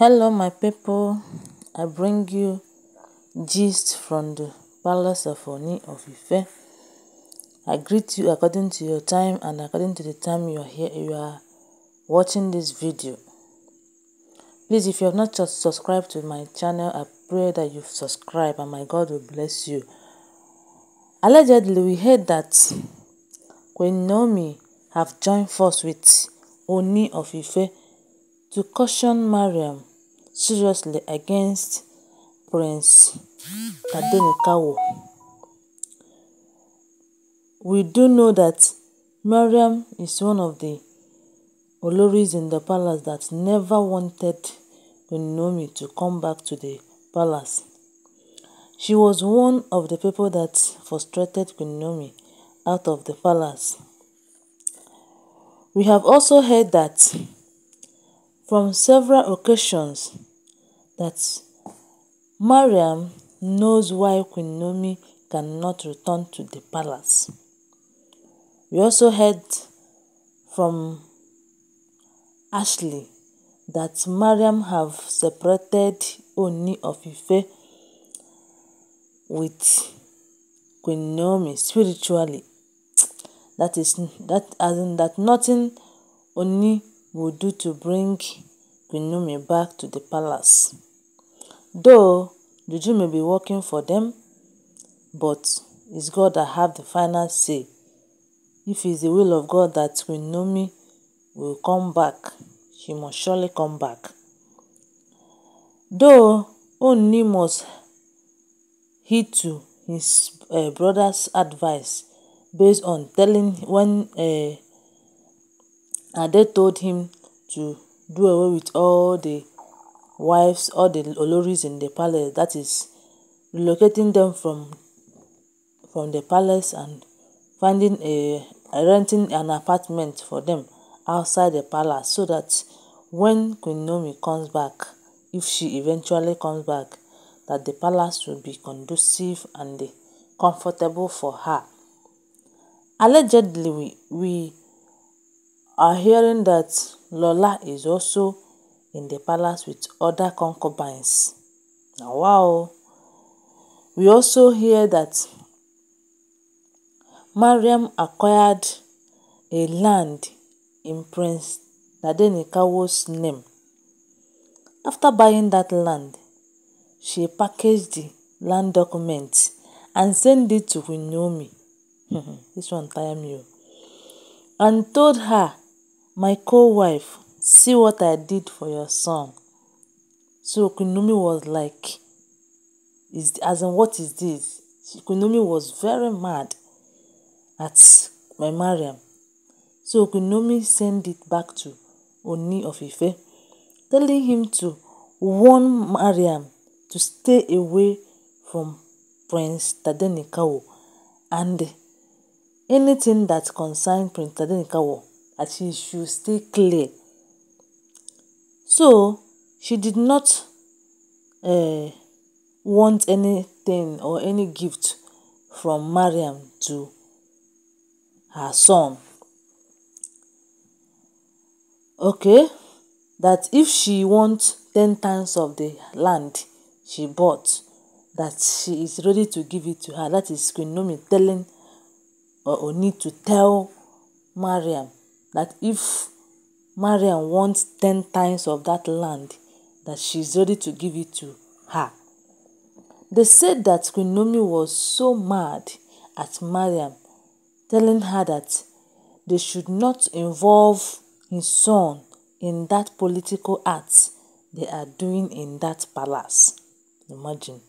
Hello, my people. I bring you gist from the palace of Oni of Ife. I greet you according to your time and according to the time you are here, you are watching this video. Please, if you have not just subscribed to my channel, I pray that you subscribe and my God will bless you. Allegedly, we heard that Queen Nomi have joined force with Oni of Ife to caution Mariam seriously against Prince Adenikawa. We do know that Mariam is one of the Oloris in the palace that never wanted Nomi to come back to the palace. She was one of the people that frustrated Nomi out of the palace. We have also heard that from several occasions that Mariam knows why Queen Naomi cannot return to the palace. We also heard from Ashley that Mariam have separated Oni of Ife with Queen Naomi spiritually. That is that as in that nothing Oni will do to bring Queen Naomi back to the palace. Though the Jew may be working for them, but it's God that have the final say. If it's the will of God that Queen Naomi will come back, she must surely come back. Though Oni must heed to his uh, brother's advice based on telling when uh, eh, Ade told him to do away with all the wives or the Oloris in the palace, that is, relocating them from, from the palace and finding a renting an apartment for them outside the palace so that when Queen Nomi comes back, if she eventually comes back, that the palace will be conducive and comfortable for her. Allegedly, we, we are hearing that Lola is also in the palace with other concubines. Now, wow! We also hear that Mariam acquired a land in Prince Nadenikawo's name. After buying that land, she packaged the land documents and sent it to Winomi. this one time, you And told her, my co-wife, See what I did for your son. So Kunumi was like, is, as in, what is this? Kunumi was very mad at my Mariam. So Kunumi sent it back to Oni of Ife, telling him to warn Mariam to stay away from Prince Tadenikawo and anything that concerned Prince Tadenikawo, that he should stay clear So she did not um want anything or any gift from Mariam to her son. Okay, that if she wants ten times of the land she bought, that she is ready to give it to her. That is Queen Naomi telling or Oni to tell Mariam that if Mariam wants 10 times of that land that she's ready to give it to her. They said that Queen Nomi was so mad at Mariam, telling her that they should not involve his son in that political act they are doing in that palace. Imagine.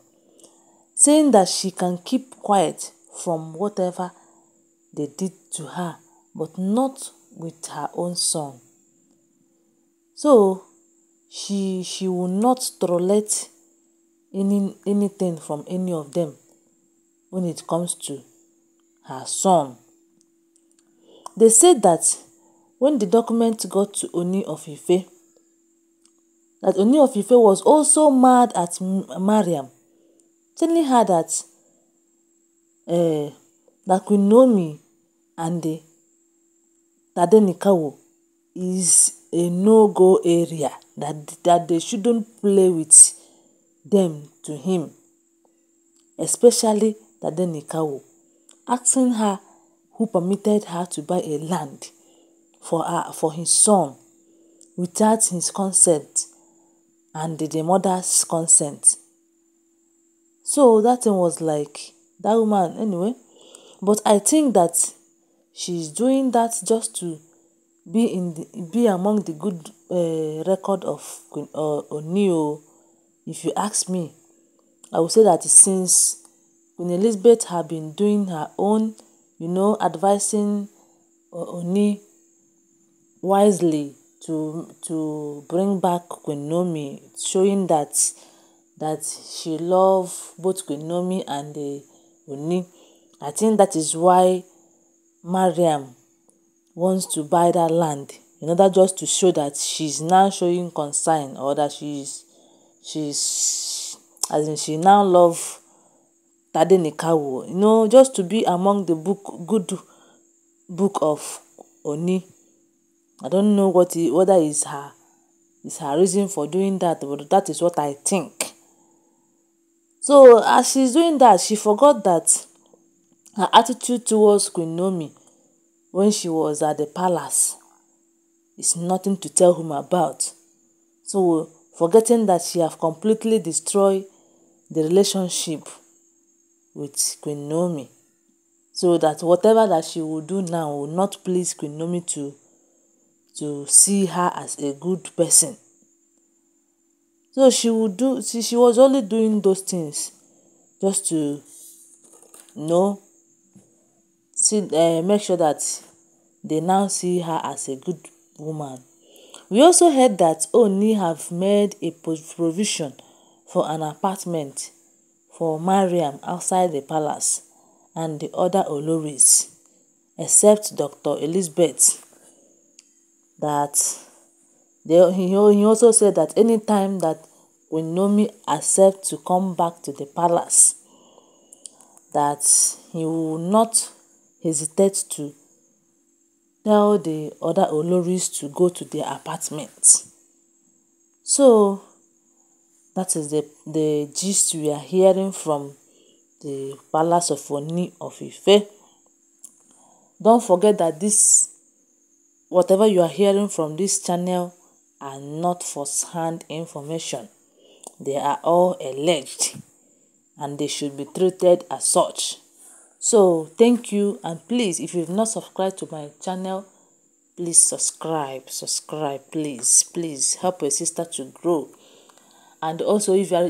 Saying that she can keep quiet from whatever they did to her, but not with her own son. So she she will not tolerate any anything from any of them when it comes to her son. They said that when the document got to Oni of Ife, that Oni of Ife was also mad at Mariam, telling her that uh, that Queen Naomi and the Tadenikawo is a no-go area that, that they shouldn't play with them to him, especially Tadenikawo, asking her who permitted her to buy a land for, her, for his son without his consent and the mother's consent. So that thing was like, that woman, anyway. But I think that she's doing that just to be in the be among the good um record of queen Ooni eh, oo if you ask me I would say that since queen Elizabeth have been doing her own you know, advising Ooni wisely to to bring back queen Nomi, showing that that she love both queen Nomi and um eh, Ooni I think that is why Mariam wants to buy that land in order just to show that she's now showing concern or that she's she's as in she now love Tadenikawo. You know, just to be among the book good book of Oni. I don't know what he, whether is her is her reason for doing that, but that is what I think. So as she's doing that, she forgot that her attitude towards Queen Naomi when she was at the palace is nothing to tell him about. So forgetting that she have completely destroyed the relationship with Queen Nomi, So that whatever that she will do now will not please Queen Nomi to, to see her as a good person. So she would do she, she was only doing those things just to know see, uh, make sure that they now see her as a good woman. We also heard that Oni have made a provision for an apartment for Mariam outside the palace and the other Oloris, except Dr. Elizabeth. That they, he, also said that anytime that when Nomi accepts to come back to the palace, that he will not hesitates to tell the other Oloris to go to their apartment. So that is the, the gist we are hearing from the palace of Oni of Ife. Don't forget that this whatever you are hearing from this channel are not first-hand information. They are all alleged and they should be treated as such. so thank you and please if you've not subscribed to my channel please subscribe subscribe please please help your sister to grow and also if you are